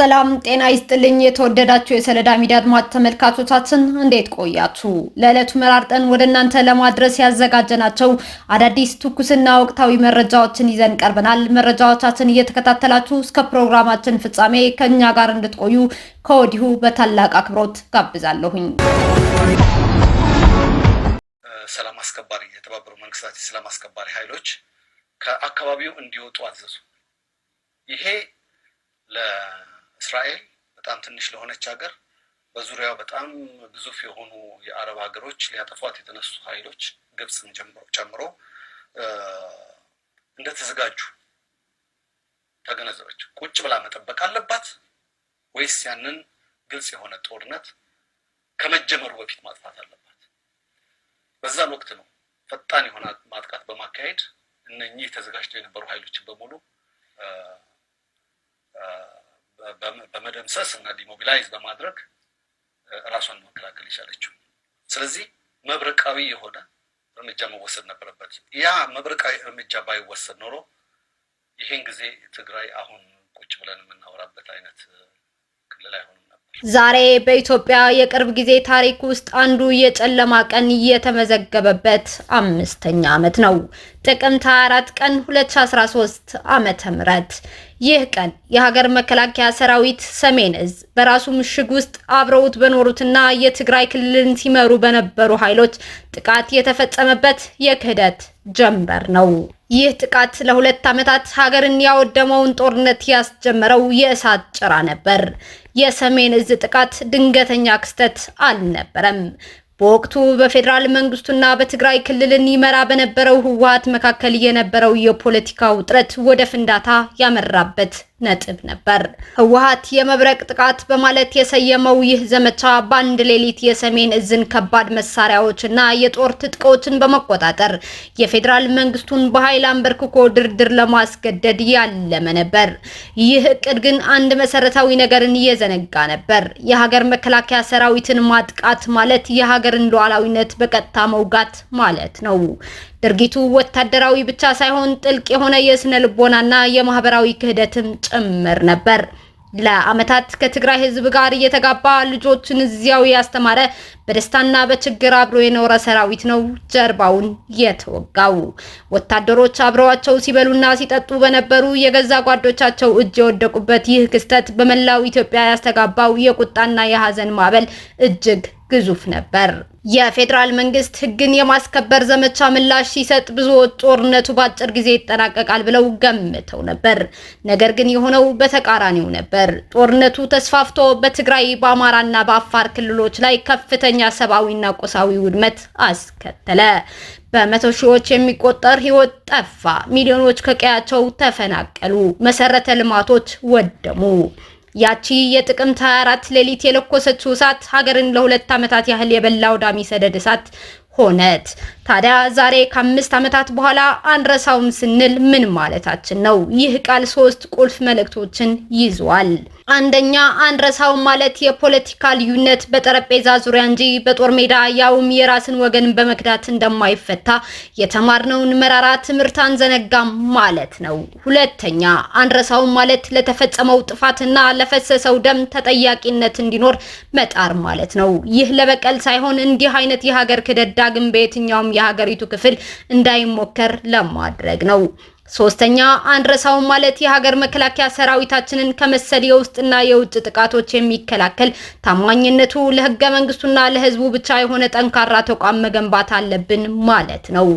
ሰላም ጤና ይስጥልኝ። የተወደዳችሁ የሰለዳ ሚዲያ አድማጭ ተመልካቾቻችን እንዴት ቆያችሁ? ለዕለቱ መራርጠን ወደ እናንተ ለማድረስ ያዘጋጀናቸው አዳዲስ ትኩስና ወቅታዊ መረጃዎችን ይዘን ቀርበናል። መረጃዎቻችን እየተከታተላችሁ እስከ ፕሮግራማችን ፍጻሜ ከእኛ ጋር እንድትቆዩ ከወዲሁ በታላቅ አክብሮት ጋብዛለሁኝ። ሰላም አስከባሪ የተባበሩ መንግስታት የሰላም አስከባሪ ኃይሎች ከአካባቢው እንዲወጡ አዘዙ። ይሄ እስራኤል በጣም ትንሽ ለሆነች ሀገር በዙሪያው በጣም ግዙፍ የሆኑ የአረብ ሀገሮች ሊያጠፏት የተነሱ ኃይሎች ግብፅን ጨምሮ እንደተዘጋጁ ተገነዘበች። ቁጭ ብላ መጠበቅ አለባት ወይስ ያንን ግልጽ የሆነ ጦርነት ከመጀመሩ በፊት ማጥፋት አለባት? በዛም ወቅት ነው ፈጣን የሆነ ማጥቃት በማካሄድ እነኚህ ተዘጋጅተው የነበሩ ኃይሎችን በሙሉ በመደምሰስ እና ዲሞቢላይዝ በማድረግ ራሷን መከላከል የቻለችው። ስለዚህ መብረቃዊ የሆነ እርምጃ መወሰድ ነበረበት። ያ መብረቃዊ እርምጃ ባይወሰድ ኖሮ ይህን ጊዜ ትግራይ አሁን ቁጭ ብለን የምናወራበት አይነት ክልል አይሆንም ነበር። ዛሬ በኢትዮጵያ የቅርብ ጊዜ ታሪክ ውስጥ አንዱ የጨለማ ቀን የተመዘገበበት አምስተኛ ዓመት ነው። ጥቅምት 4 ቀን 2013 ዓመተ ምህረት ይህ ቀን የሀገር መከላከያ ሰራዊት ሰሜን እዝ በራሱ ምሽግ ውስጥ አብረውት በኖሩትና የትግራይ ክልልን ሲመሩ በነበሩ ኃይሎች ጥቃት የተፈጸመበት የክህደት ጀንበር ነው። ይህ ጥቃት ለሁለት ዓመታት ሀገርን ያወደመውን ጦርነት ያስጀመረው የእሳት ጭራ ነበር። የሰሜን እዝ ጥቃት ድንገተኛ ክስተት አልነበረም። በወቅቱ በፌዴራል መንግስቱና በትግራይ ክልልን ይመራ በነበረው ህወሀት መካከል የነበረው የፖለቲካ ውጥረት ወደ ፍንዳታ ያመራበት ነጥብ ነበር። ህወሀት የመብረቅ ጥቃት በማለት የሰየመው ይህ ዘመቻ በአንድ ሌሊት የሰሜን እዝን ከባድ መሳሪያዎች እና የጦር ትጥቆችን በመቆጣጠር የፌዴራል መንግስቱን በኃይል አንበርክኮ ድርድር ለማስገደድ ያለመ ነበር። ይህ እቅድ ግን አንድ መሰረታዊ ነገርን እየዘነጋ ነበር። የሀገር መከላከያ ሰራዊትን ማጥቃት ማለት የሀገርን ሉዓላዊነት በቀጥታ መውጋት ማለት ነው። ድርጊቱ ወታደራዊ ብቻ ሳይሆን ጥልቅ የሆነ የስነ ልቦናና የማህበራዊ ክህደትም ጭምር ነበር። ለዓመታት ከትግራይ ሕዝብ ጋር እየተጋባ ልጆችን እዚያው ያስተማረ በደስታና በችግር አብሮ የኖረ ሰራዊት ነው ጀርባውን የተወጋው። ወታደሮች አብረዋቸው ሲበሉና ሲጠጡ በነበሩ የገዛ ጓዶቻቸው እጅ የወደቁበት ይህ ክስተት በመላው ኢትዮጵያ ያስተጋባው የቁጣና የሀዘን ማዕበል እጅግ ግዙፍ ነበር። የፌዴራል መንግስት ህግን የማስከበር ዘመቻ ምላሽ ሲሰጥ ብዙዎች ጦርነቱ በአጭር ጊዜ ይጠናቀቃል ብለው ገምተው ነበር። ነገር ግን የሆነው በተቃራኒው ነበር። ጦርነቱ ተስፋፍቶ በትግራይ በአማራና በአፋር ክልሎች ላይ ከፍተኛ ሰብአዊና ቁሳዊ ውድመት አስከተለ። በመቶ ሺዎች የሚቆጠር ህይወት ጠፋ። ሚሊዮኖች ከቀያቸው ተፈናቀሉ። መሰረተ ልማቶች ወደሙ። ያቺ የጥቅምት 24 ሌሊት የለኮሰችው እሳት ሀገርን ለሁለት ዓመታት ያህል የበላው ዳሚ ሰደድ እሳት ሆነት ታዲያ ዛሬ ከአምስት ዓመታት በኋላ አንረሳውም ስንል ምን ማለታችን ነው? ይህ ቃል ሶስት ቁልፍ መልእክቶችን ይዟል። አንደኛ አንረሳውም ማለት የፖለቲካ ልዩነት በጠረጴዛ ዙሪያ እንጂ በጦር ሜዳ ያውም የራስን ወገን በመክዳት እንደማይፈታ የተማርነውን መራራ ትምህርት አንዘነጋም ማለት ነው። ሁለተኛ አንረሳውም ማለት ለተፈጸመው ጥፋትና ለፈሰሰው ደም ተጠያቂነት እንዲኖር መጣር ማለት ነው። ይህ ለበቀል ሳይሆን እንዲህ አይነት የሀገር ክደት ዳግም በየትኛውም የሀገሪቱ ክፍል እንዳይሞከር ለማድረግ ነው። ሶስተኛ አንረሳውም ማለት የሀገር መከላከያ ሰራዊታችንን ከመሰል የውስጥና የውጭ ጥቃቶች የሚከላከል ታማኝነቱ ለህገ መንግስቱና ለህዝቡ ብቻ የሆነ ጠንካራ ተቋም መገንባት አለብን ማለት ነው።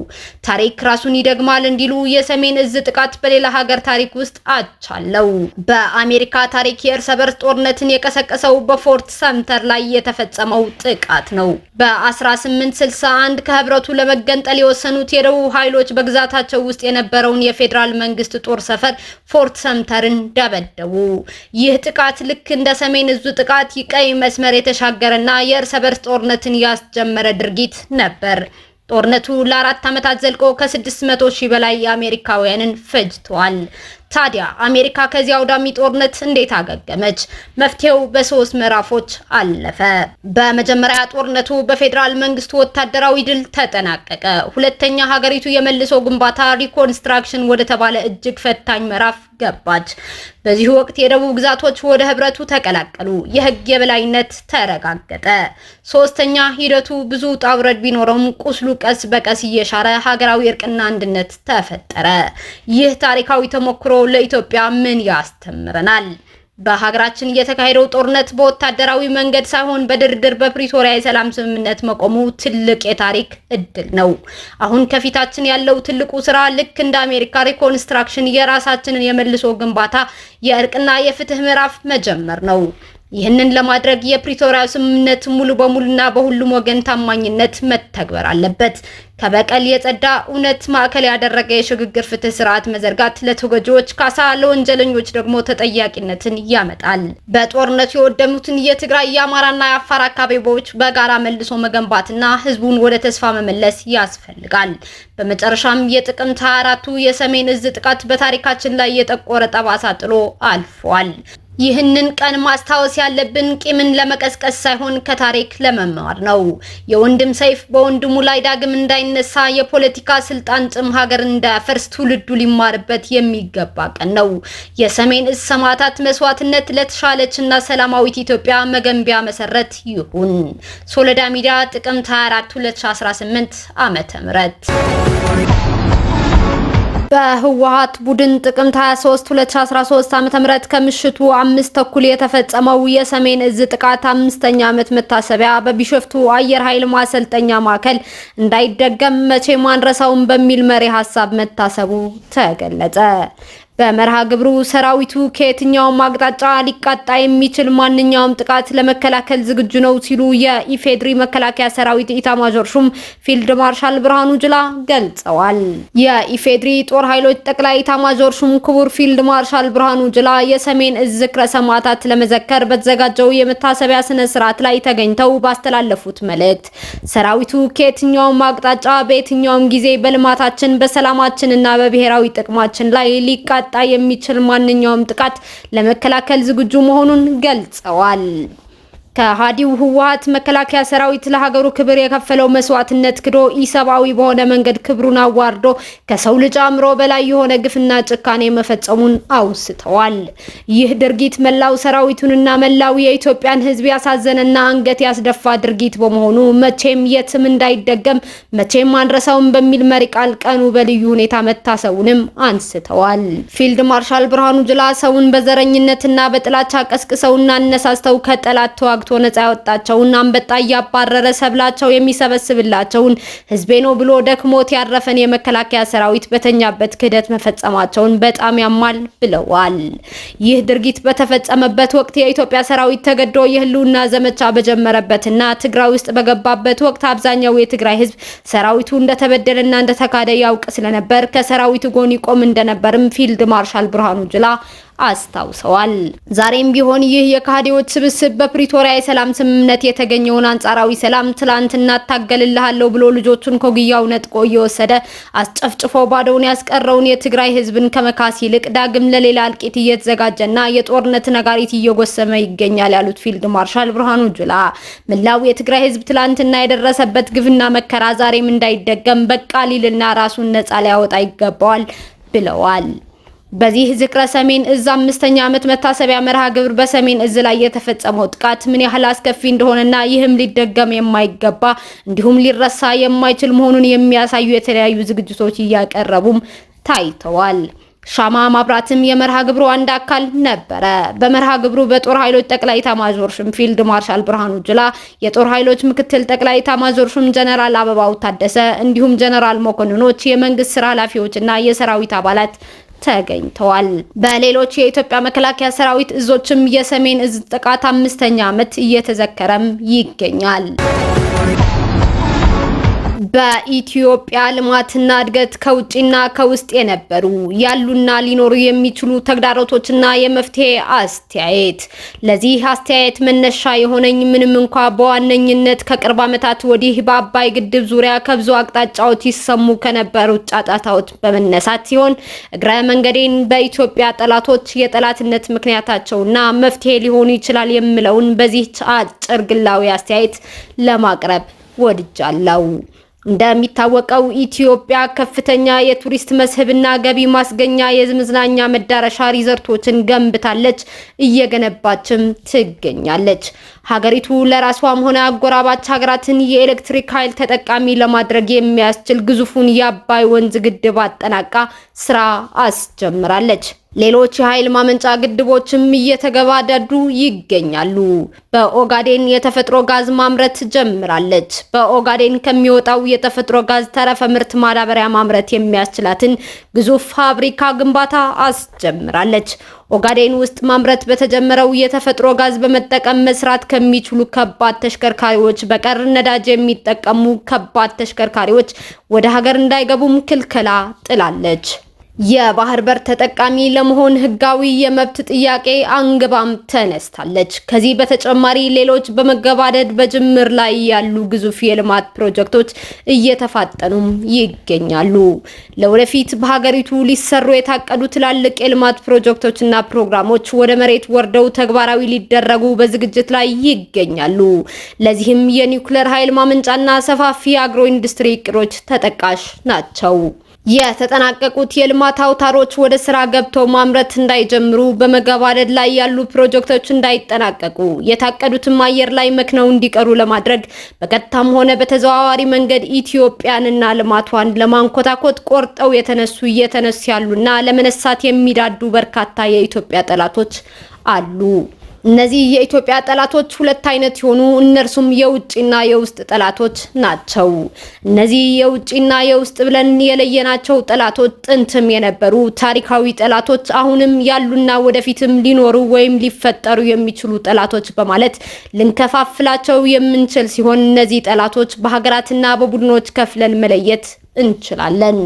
ታሪክ ራሱን ይደግማል እንዲሉ የሰሜን እዝ ጥቃት በሌላ ሀገር ታሪክ ውስጥ አቻለው። በአሜሪካ ታሪክ የእርስ በርስ ጦርነትን የቀሰቀሰው በፎርት ሰምተር ላይ የተፈጸመው ጥቃት ነው። በ1861 ከህብረቱ ለመገንጠል የወሰኑት የደቡብ ኃይሎች በግዛታቸው ውስጥ የነበረውን የፌዴራል መንግስት ጦር ሰፈር ፎርት ሰምተርን ደበደቡ። ይህ ጥቃት ልክ እንደ ሰሜን እዙ ጥቃት ቀይ መስመር የተሻገረና የእርስ በርስ ጦርነትን ያስጀመረ ድርጊት ነበር። ጦርነቱ ለአራት ዓመታት ዘልቆ ከ600 ሺህ በላይ የአሜሪካውያንን ፈጅቷል። ታዲያ አሜሪካ ከዚህ አውዳሚ ጦርነት እንዴት አገገመች? መፍትሄው በሶስት ምዕራፎች አለፈ። በመጀመሪያ ጦርነቱ በፌዴራል መንግስቱ ወታደራዊ ድል ተጠናቀቀ። ሁለተኛ ሀገሪቱ የመልሶ ግንባታ ሪኮንስትራክሽን ወደ ተባለ እጅግ ፈታኝ ምዕራፍ ገባች። በዚህ ወቅት የደቡብ ግዛቶች ወደ ህብረቱ ተቀላቀሉ። የህግ የበላይነት ተረጋገጠ። ሶስተኛ ሂደቱ ብዙ ውጣ ውረድ ቢኖረውም ቁስሉ ቀስ በቀስ እየሻረ ሀገራዊ እርቅና አንድነት ተፈጠረ። ይህ ታሪካዊ ተሞክሮ ለኢትዮጵያ ምን ያስተምረናል? በሀገራችን የተካሄደው ጦርነት በወታደራዊ መንገድ ሳይሆን በድርድር በፕሪቶሪያ የሰላም ስምምነት መቆሙ ትልቅ የታሪክ እድል ነው። አሁን ከፊታችን ያለው ትልቁ ስራ ልክ እንደ አሜሪካ ሪኮንስትራክሽን የራሳችንን የመልሶ ግንባታ የእርቅና የፍትህ ምዕራፍ መጀመር ነው። ይህንን ለማድረግ የፕሪቶሪያ ስምምነት ሙሉ በሙሉና በሁሉም ወገን ታማኝነት መተግበር አለበት። ከበቀል የጸዳ እውነት ማዕከል ያደረገ የሽግግር ፍትህ ስርዓት መዘርጋት ለተጎጂዎች ካሳ፣ ለወንጀለኞች ደግሞ ተጠያቂነትን ያመጣል። በጦርነቱ የወደሙትን የትግራይ የአማራና የአፋር አካባቢዎች በጋራ መልሶ መገንባትና ህዝቡን ወደ ተስፋ መመለስ ያስፈልጋል። በመጨረሻም የጥቅምት 24ቱ የሰሜን እዝ ጥቃት በታሪካችን ላይ የጠቆረ ጠባሳ ጥሎ አልፏል። ይህንን ቀን ማስታወስ ያለብን ቂምን ለመቀስቀስ ሳይሆን ከታሪክ ለመማር ነው። የወንድም ሰይፍ በወንድሙ ላይ ዳግም እንዳይነሳ፣ የፖለቲካ ስልጣን ጥም ሀገር እንዳያፈርስ ትውልዱ ሊማርበት የሚገባ ቀን ነው። የሰሜን እዝ ሰማዕታት መስዋዕትነት ለተሻለችና ሰላማዊት ኢትዮጵያ መገንቢያ መሰረት ይሁን። ሶለዳ ሚዲያ ጥቅምት 24 2018 ዓ.ም በህወሀት ቡድን ጥቅምት 23 2013 ዓ.ም ከምሽቱ አምስት ተኩል የተፈጸመው የሰሜን እዝ ጥቃት አምስተኛ ዓመት መታሰቢያ በቢሾፍቱ አየር ኃይል ማሰልጠኛ ማዕከል እንዳይደገም መቼ ማንረሳውን በሚል መሪ ሀሳብ መታሰቡ ተገለጸ። በመርሃ ግብሩ ሰራዊቱ ከየትኛውም አቅጣጫ ሊቃጣ የሚችል ማንኛውም ጥቃት ለመከላከል ዝግጁ ነው ሲሉ የኢፌድሪ መከላከያ ሰራዊት ኢታማዦር ሹም ፊልድ ማርሻል ብርሃኑ ጅላ ገልጸዋል። የኢፌድሪ ጦር ኃይሎች ጠቅላይ ኢታማዦር ሹም ክቡር ፊልድ ማርሻል ብርሃኑ ጅላ የሰሜን እዝ ዝክረ ሰማዕታት ለመዘከር በተዘጋጀው የመታሰቢያ ስነ ስርዓት ላይ ተገኝተው ባስተላለፉት መልእክት ሰራዊቱ ከየትኛውም አቅጣጫ በየትኛውም ጊዜ በልማታችን በሰላማችን እና በብሔራዊ ጥቅማችን ላይ ሊቃ ሊያቃጣ የሚችል ማንኛውም ጥቃት ለመከላከል ዝግጁ መሆኑን ገልጸዋል። ከሃዲው ህወሀት መከላከያ ሰራዊት ለሀገሩ ክብር የከፈለው መስዋዕትነት ክዶ ኢሰብአዊ በሆነ መንገድ ክብሩን አዋርዶ ከሰው ልጅ አእምሮ በላይ የሆነ ግፍና ጭካኔ መፈጸሙን አውስተዋል። ይህ ድርጊት መላው ሰራዊቱንና መላው የኢትዮጵያን ህዝብ ያሳዘነና አንገት ያስደፋ ድርጊት በመሆኑ መቼም የትም እንዳይደገም መቼም አንረሳውም በሚል መሪ ቃል ቀኑ በልዩ ሁኔታ መታሰቡንም አንስተዋል። ፊልድ ማርሻል ብርሃኑ ጁላ ሰውን በዘረኝነትና በጥላቻ ቀስቅሰውና አነሳስተው ከጠላት ተዋግ ነቅቶ ነጻ ያወጣቸውን አንበጣ እያባረረ ሰብላቸው የሚሰበስብላቸውን ህዝቤ ነው ብሎ ደክሞት ያረፈን የመከላከያ ሰራዊት በተኛበት ክህደት መፈጸማቸውን በጣም ያማል ብለዋል። ይህ ድርጊት በተፈጸመበት ወቅት የኢትዮጵያ ሰራዊት ተገዶ የህልውና ዘመቻ በጀመረበትና ትግራይ ውስጥ በገባበት ወቅት አብዛኛው የትግራይ ህዝብ ሰራዊቱ እንደተበደለና እንደተካደ ያውቅ ስለነበር ከሰራዊቱ ጎን ይቆም እንደነበርም ፊልድ ማርሻል ብርሃኑ ጅላ አስታውሰዋል። ዛሬም ቢሆን ይህ የካህዲዎች ስብስብ በፕሪቶሪያ የሰላም ስምምነት የተገኘውን አንጻራዊ ሰላም ትላንትና ታገልልሃለሁ ብሎ ልጆቹን ኮግያው ነጥቆ እየወሰደ አስጨፍጭፎ ባዶውን ያስቀረውን የትግራይ ህዝብን ከመካስ ይልቅ ዳግም ለሌላ እልቂት እየተዘጋጀና የጦርነት ነጋሪት እየጎሰመ ይገኛል ያሉት ፊልድ ማርሻል ብርሃኑ ጁላ ምላው የትግራይ ህዝብ ትላንትና የደረሰበት ግፍና መከራ ዛሬም እንዳይደገም በቃ ሊልና ራሱን ነጻ ሊያወጣ ይገባዋል ብለዋል። በዚህ ዝክረ ሰሜን እዝ አምስተኛ ዓመት መታሰቢያ መርሃ ግብር በሰሜን እዝ ላይ የተፈጸመው ጥቃት ምን ያህል አስከፊ እንደሆነና ይህም ሊደገም የማይገባ እንዲሁም ሊረሳ የማይችል መሆኑን የሚያሳዩ የተለያዩ ዝግጅቶች እያቀረቡም ታይተዋል። ሻማ ማብራትም የመርሃ ግብሩ አንድ አካል ነበረ። በመርሃ ግብሩ በጦር ኃይሎች ጠቅላይ ኤታማዦር ሹም ፊልድ ማርሻል ብርሃኑ ጁላ፣ የጦር ኃይሎች ምክትል ጠቅላይ ኤታማዦር ሹም ጀነራል አበባው ታደሰ እንዲሁም ጀነራል መኮንኖች፣ የመንግስት ስራ ኃላፊዎችና የሰራዊት አባላት ተገኝተዋል። በሌሎች የኢትዮጵያ መከላከያ ሰራዊት እዞችም የሰሜን እዝ ጥቃት አምስተኛ ዓመት እየተዘከረም ይገኛል። በኢትዮጵያ ልማትና እድገት ከውጭና ከውስጥ የነበሩ ያሉና ሊኖሩ የሚችሉ ተግዳሮቶችና የመፍትሄ አስተያየት። ለዚህ አስተያየት መነሻ የሆነኝ ምንም እንኳ በዋነኝነት ከቅርብ ዓመታት ወዲህ በአባይ ግድብ ዙሪያ ከብዙ አቅጣጫዎች ይሰሙ ከነበሩት ጫጫታዎች በመነሳት ሲሆን እግረ መንገዴን በኢትዮጵያ ጠላቶች የጠላትነት ምክንያታቸውና መፍትሄ ሊሆኑ ይችላል የምለውን በዚህ አጭር ግላዊ አስተያየት ለማቅረብ ወድጃለሁ። እንደሚታወቀው ኢትዮጵያ ከፍተኛ የቱሪስት መስህብና ገቢ ማስገኛ የመዝናኛ መዳረሻ ሪዘርቶችን ገንብታለች፣ እየገነባችም ትገኛለች። ሀገሪቱ ለራሷም ሆነ አጎራባች ሀገራትን የኤሌክትሪክ ኃይል ተጠቃሚ ለማድረግ የሚያስችል ግዙፉን የአባይ ወንዝ ግድብ አጠናቃ ስራ አስጀምራለች። ሌሎች የኃይል ማመንጫ ግድቦችም እየተገባደዱ ይገኛሉ። በኦጋዴን የተፈጥሮ ጋዝ ማምረት ጀምራለች። በኦጋዴን ከሚወጣው የተፈጥሮ ጋዝ ተረፈ ምርት ማዳበሪያ ማምረት የሚያስችላትን ግዙፍ ፋብሪካ ግንባታ አስጀምራለች። ኦጋዴን ውስጥ ማምረት በተጀመረው የተፈጥሮ ጋዝ በመጠቀም መስራት ከሚችሉ ከባድ ተሽከርካሪዎች በቀር ነዳጅ የሚጠቀሙ ከባድ ተሽከርካሪዎች ወደ ሀገር እንዳይገቡም ክልከላ ጥላለች። የባህር በር ተጠቃሚ ለመሆን ህጋዊ የመብት ጥያቄ አንግባም ተነስታለች። ከዚህ በተጨማሪ ሌሎች በመገባደድ በጅምር ላይ ያሉ ግዙፍ የልማት ፕሮጀክቶች እየተፋጠኑም ይገኛሉ። ለወደፊት በሀገሪቱ ሊሰሩ የታቀዱ ትላልቅ የልማት ፕሮጀክቶችና ፕሮግራሞች ወደ መሬት ወርደው ተግባራዊ ሊደረጉ በዝግጅት ላይ ይገኛሉ። ለዚህም የኒውክሌር ኃይል ማመንጫና ሰፋፊ የአግሮ ኢንዱስትሪ እቅዶች ተጠቃሽ ናቸው። የተጠናቀቁት የልማት አውታሮች ወደ ስራ ገብተው ማምረት እንዳይጀምሩ በመገባደድ ላይ ያሉ ፕሮጀክቶች እንዳይጠናቀቁ የታቀዱትም አየር ላይ መክነው እንዲቀሩ ለማድረግ በቀጥታም ሆነ በተዘዋዋሪ መንገድ ኢትዮጵያንና ልማቷን ለማንኮታኮት ቆርጠው የተነሱ እየተነሱ ያሉና ለመነሳት የሚዳዱ በርካታ የኢትዮጵያ ጠላቶች አሉ። እነዚህ የኢትዮጵያ ጠላቶች ሁለት አይነት ሲሆኑ እነርሱም የውጭና የውስጥ ጠላቶች ናቸው። እነዚህ የውጭና የውስጥ ብለን የለየናቸው ጠላቶች ጥንትም የነበሩ ታሪካዊ ጠላቶች፣ አሁንም ያሉና ወደፊትም ሊኖሩ ወይም ሊፈጠሩ የሚችሉ ጠላቶች በማለት ልንከፋፍላቸው የምንችል ሲሆን እነዚህ ጠላቶች በሀገራትና በቡድኖች ከፍለን መለየት እንችላለን።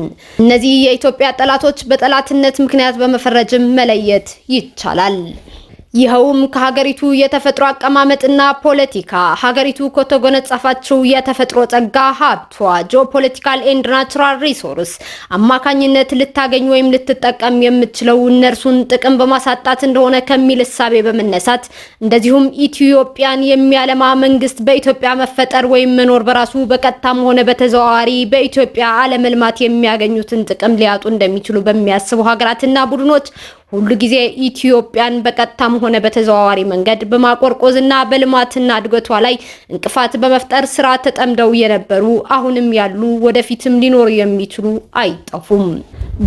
እነዚህ የኢትዮጵያ ጠላቶች በጠላትነት ምክንያት በመፈረጅም መለየት ይቻላል። ይኸውም ከሀገሪቱ የተፈጥሮ አቀማመጥና ፖለቲካ ሀገሪቱ ከተጎነጸፋቸው የተፈጥሮ ጸጋ ሀብቷ ጂኦፖለቲካል ኤንድ ናቹራል ሪሶርስ አማካኝነት ልታገኝ ወይም ልትጠቀም የምትችለው እነርሱን ጥቅም በማሳጣት እንደሆነ ከሚል እሳቤ በመነሳት እንደዚሁም ኢትዮጵያን የሚያለማ መንግስት በኢትዮጵያ መፈጠር ወይም መኖር በራሱ በቀጥታም ሆነ በተዘዋዋሪ በኢትዮጵያ አለመልማት የሚያገኙትን ጥቅም ሊያጡ እንደሚችሉ በሚያስቡ ሀገራትና ቡድኖች ሁሉ ጊዜ ኢትዮጵያን በቀጥታም ሆነ በተዘዋዋሪ መንገድ በማቆርቆዝና በልማትና እድገቷ ላይ እንቅፋት በመፍጠር ስራ ተጠምደው የነበሩ አሁንም ያሉ ወደፊትም ሊኖሩ የሚችሉ አይጠፉም።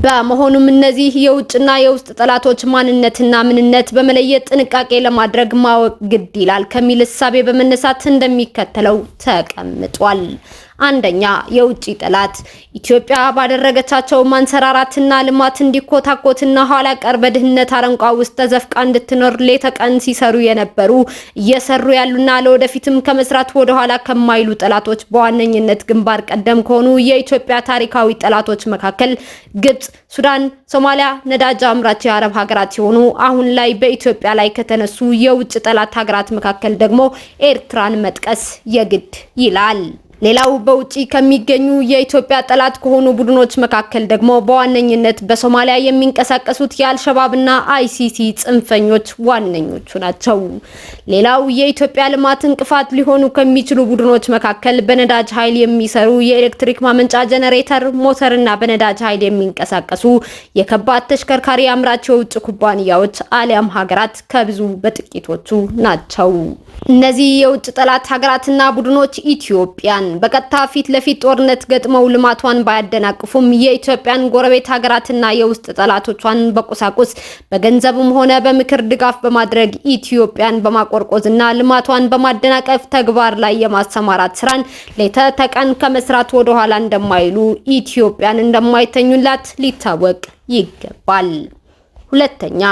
በመሆኑም እነዚህ የውጭና የውስጥ ጠላቶች ማንነትና ምንነት በመለየት ጥንቃቄ ለማድረግ ማወቅ ግድ ይላል ከሚል እሳቤ በመነሳት እንደሚከተለው ተቀምጧል። አንደኛ የውጭ ጠላት ኢትዮጵያ ባደረገቻቸው ማንሰራራትና ልማት እንዲኮታኮትና ኋላ ቀር በድህነት አረንቋ ውስጥ ተዘፍቃ እንድትኖር ሌት ተቀን ሲሰሩ የነበሩ እየሰሩ ያሉና ለወደፊትም ከመስራት ወደኋላ ከማይሉ ጠላቶች በዋነኝነት ግንባር ቀደም ከሆኑ የኢትዮጵያ ታሪካዊ ጠላቶች መካከል ግብጽ፣ ሱዳን፣ ሶማሊያ ነዳጅ አምራች የአረብ ሀገራት ሲሆኑ አሁን ላይ በኢትዮጵያ ላይ ከተነሱ የውጭ ጠላት ሀገራት መካከል ደግሞ ኤርትራን መጥቀስ የግድ ይላል። ሌላው በውጪ ከሚገኙ የኢትዮጵያ ጠላት ከሆኑ ቡድኖች መካከል ደግሞ በዋነኝነት በሶማሊያ የሚንቀሳቀሱት የአልሸባብና አይሲሲ ጽንፈኞች ዋነኞቹ ናቸው። ሌላው የኢትዮጵያ ልማት እንቅፋት ሊሆኑ ከሚችሉ ቡድኖች መካከል በነዳጅ ኃይል የሚሰሩ የኤሌክትሪክ ማመንጫ ጀነሬተር፣ ሞተርና በነዳጅ ኃይል የሚንቀሳቀሱ የከባድ ተሽከርካሪ አምራች የውጭ ኩባንያዎች አሊያም ሀገራት ከብዙ በጥቂቶቹ ናቸው። እነዚህ የውጭ ጠላት ሀገራትና ቡድኖች ኢትዮጵያን በቀጥታ ፊት ለፊት ጦርነት ገጥመው ልማቷን ባያደናቅፉም የኢትዮጵያን ጎረቤት ሀገራትና የውስጥ ጠላቶቿን በቁሳቁስ በገንዘብም ሆነ በምክር ድጋፍ በማድረግ ኢትዮጵያን በማቆርቆዝና ልማቷን በማደናቀፍ ተግባር ላይ የማሰማራት ስራን ሌተ ተቀን ከመስራት ወደኋላ እንደማይሉ ኢትዮጵያን እንደማይተኙላት ሊታወቅ ይገባል። ሁለተኛ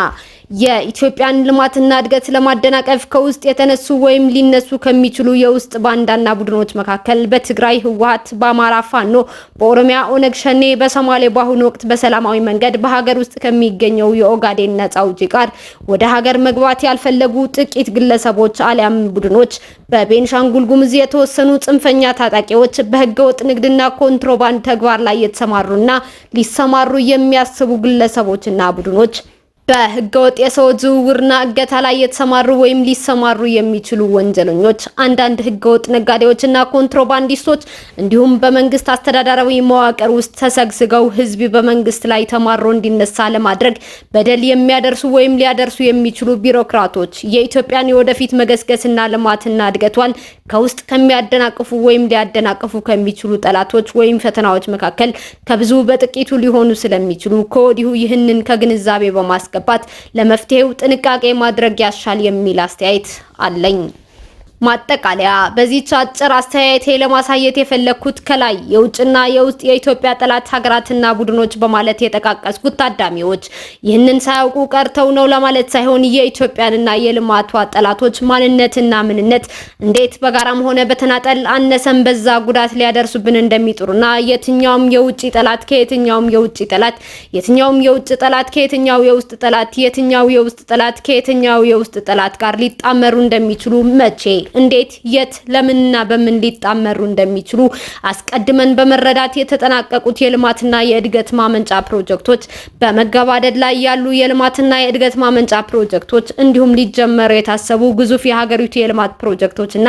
የኢትዮጵያን ልማትና እድገት ለማደናቀፍ ከውስጥ የተነሱ ወይም ሊነሱ ከሚችሉ የውስጥ ባንዳና ቡድኖች መካከል በትግራይ ህወሀት፣ በአማራ ፋኖ፣ በኦሮሚያ ኦነግ ሸኔ፣ በሶማሌ በአሁኑ ወቅት በሰላማዊ መንገድ በሀገር ውስጥ ከሚገኘው የኦጋዴን ነጻ አውጪ ጋር ወደ ሀገር መግባት ያልፈለጉ ጥቂት ግለሰቦች አሊያም ቡድኖች፣ በቤንሻንጉል ጉሙዝ የተወሰኑ ጽንፈኛ ታጣቂዎች፣ በህገወጥ ንግድና ኮንትሮባንድ ተግባር ላይ የተሰማሩና ሊሰማሩ የሚያስቡ ግለሰቦችና ቡድኖች በህገወጥ የሰው ዝውውርና እገታ ላይ የተሰማሩ ወይም ሊሰማሩ የሚችሉ ወንጀለኞች፣ አንዳንድ ህገወጥ ነጋዴዎችና ኮንትሮባንዲስቶች እንዲሁም በመንግስት አስተዳደራዊ መዋቅር ውስጥ ተሰግስገው ህዝብ በመንግስት ላይ ተማሮ እንዲነሳ ለማድረግ በደል የሚያደርሱ ወይም ሊያደርሱ የሚችሉ ቢሮክራቶች የኢትዮጵያን የወደፊት መገስገስና ልማትና እድገቷን ከውስጥ ከሚያደናቅፉ ወይም ሊያደናቅፉ ከሚችሉ ጠላቶች ወይም ፈተናዎች መካከል ከብዙ በጥቂቱ ሊሆኑ ስለሚችሉ ከወዲሁ ይህንን ከግንዛቤ በማስቀ በማስገባት ለመፍትሄው ጥንቃቄ ማድረግ ያሻል የሚል አስተያየት አለኝ። ማጠቃለያ በዚህች አጭር አስተያየቴ ለማሳየት የፈለግኩት ከላይ የውጭና የውስጥ የኢትዮጵያ ጠላት ሀገራትና ቡድኖች በማለት የጠቃቀስኩት ታዳሚዎች ይህንን ሳያውቁ ቀርተው ነው ለማለት ሳይሆን የኢትዮጵያንና የልማቷ ጠላቶች ማንነትና ምንነት እንዴት በጋራም ሆነ በተናጠል አነሰን በዛ ጉዳት ሊያደርሱብን እንደሚጥሩና የትኛውም የውጭ ጠላት ከየትኛውም የውጭ ጠላት የትኛውም የውጭ ጠላት ከየትኛው የውስጥ ጠላት የትኛው የውስጥ ጠላት ከየትኛው የውስጥ ጠላት ጋር ሊጣመሩ እንደሚችሉ መቼ እንዴት፣ የት፣ ለምንና በምን ሊጣመሩ እንደሚችሉ አስቀድመን በመረዳት የተጠናቀቁት የልማትና የእድገት ማመንጫ ፕሮጀክቶች፣ በመገባደድ ላይ ያሉ የልማትና የእድገት ማመንጫ ፕሮጀክቶች እንዲሁም ሊጀመሩ የታሰቡ ግዙፍ የሀገሪቱ የልማት ፕሮጀክቶች እና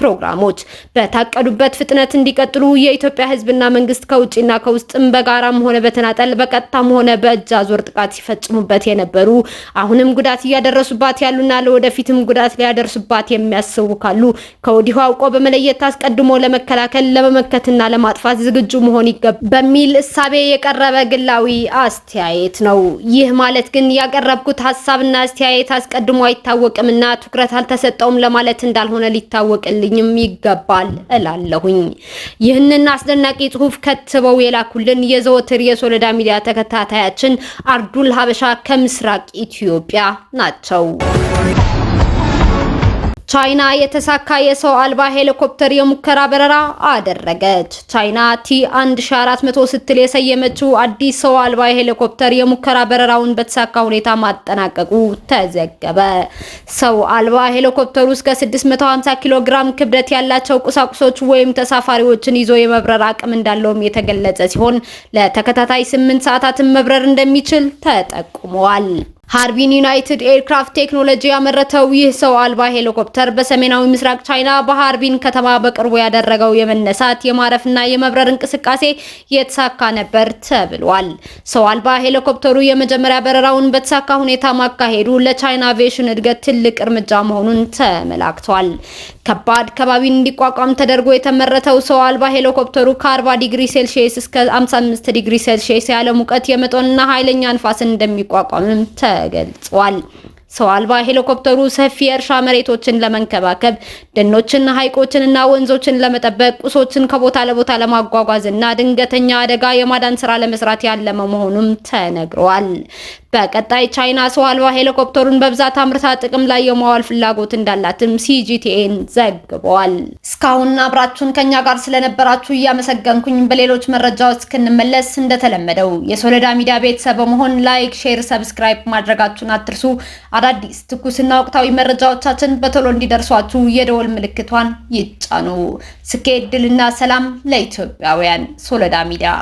ፕሮግራሞች በታቀዱበት ፍጥነት እንዲቀጥሉ የኢትዮጵያ ሕዝብና መንግስት ከውጭና ከውስጥም በጋራም ሆነ በተናጠል በቀጥታም ሆነ በእጅ አዙር ጥቃት ሲፈጽሙበት የነበሩ አሁንም ጉዳት እያደረሱባት ያሉና ለወደፊትም ጉዳት ሊያደርሱባት የሚያስቡ ካሉ ከወዲሁ አውቆ በመለየት አስቀድሞ ለመከላከል ለመመከትና ለማጥፋት ዝግጁ መሆን ይገባል በሚል እሳቤ የቀረበ ግላዊ አስተያየት ነው። ይህ ማለት ግን ያቀረብኩት ሀሳብና አስተያየት አስቀድሞ አይታወቅምና ትኩረት አልተሰጠውም ለማለት እንዳልሆነ ሊታወቅል ሊያደርጉልኝም ይገባል እላለሁኝ። ይህንን አስደናቂ ጽሁፍ ከትበው የላኩልን የዘወትር የሶለዳ ሚዲያ ተከታታያችን አርዱል ሀበሻ ከምስራቅ ኢትዮጵያ ናቸው። ቻይና የተሳካ የሰው አልባ ሄሊኮፕተር የሙከራ በረራ አደረገች። ቻይና ቲ 1400 ስትል የሰየመችው አዲስ ሰው አልባ ሄሊኮፕተር የሙከራ በረራውን በተሳካ ሁኔታ ማጠናቀቁ ተዘገበ። ሰው አልባ ሄሊኮፕተር እስከ 650 ኪሎ ግራም ክብደት ያላቸው ቁሳቁሶች ወይም ተሳፋሪዎችን ይዞ የመብረር አቅም እንዳለውም የተገለጸ ሲሆን ለተከታታይ 8 ሰዓታትን መብረር እንደሚችል ተጠቁመዋል። ሃርቢን ዩናይትድ ኤርክራፍት ቴክኖሎጂ ያመረተው ይህ ሰው አልባ ሄሊኮፕተር በሰሜናዊ ምስራቅ ቻይና በሃርቢን ከተማ በቅርቡ ያደረገው የመነሳት የማረፍና የመብረር እንቅስቃሴ የተሳካ ነበር ተብሏል። ሰው አልባ ሄሊኮፕተሩ የመጀመሪያ በረራውን በተሳካ ሁኔታ ማካሄዱ ለቻይና አቪዬሽን እድገት ትልቅ እርምጃ መሆኑን ተመላክቷል። ከባድ ከባቢን እንዲቋቋም ተደርጎ የተመረተው ሰው አልባ ሄሊኮፕተሩ ከ40 ዲግሪ ሴልሺየስ እስከ 55 ዲግሪ ሴልሺየስ ያለ ሙቀት የመጠንና ኃይለኛ ንፋስን እንደሚቋቋምም ተ ተገልጿል። ሰው አልባ ሄሊኮፕተሩ ሰፊ የእርሻ መሬቶችን ለመንከባከብ ደኖችን፣ ሐይቆችንና ወንዞችን ለመጠበቅ ቁሶችን ከቦታ ለቦታ ለማጓጓዝ እና ድንገተኛ አደጋ የማዳን ስራ ለመስራት ያለመ መሆኑም ተነግሯል። በቀጣይ ቻይና ሰው አልባ ሄሊኮፕተሩን በብዛት አምርታ ጥቅም ላይ የማዋል ፍላጎት እንዳላትም ሲጂቲኤን ዘግቧል። እስካሁን አብራችሁን ከኛ ጋር ስለነበራችሁ እያመሰገንኩኝ በሌሎች መረጃዎች እስክንመለስ እንደተለመደው የሶለዳ ሚዲያ ቤተሰብ በመሆን ላይክ፣ ሼር፣ ሰብስክራይብ ማድረጋችሁን አትርሱ። አዳዲስ ትኩስና ወቅታዊ መረጃዎቻችን በቶሎ እንዲደርሷችሁ የደወል ምልክቷን ይጫኑ። ስኬት፣ ድልና ሰላም ለኢትዮጵያውያን። ሶሎዳ ሚዲያ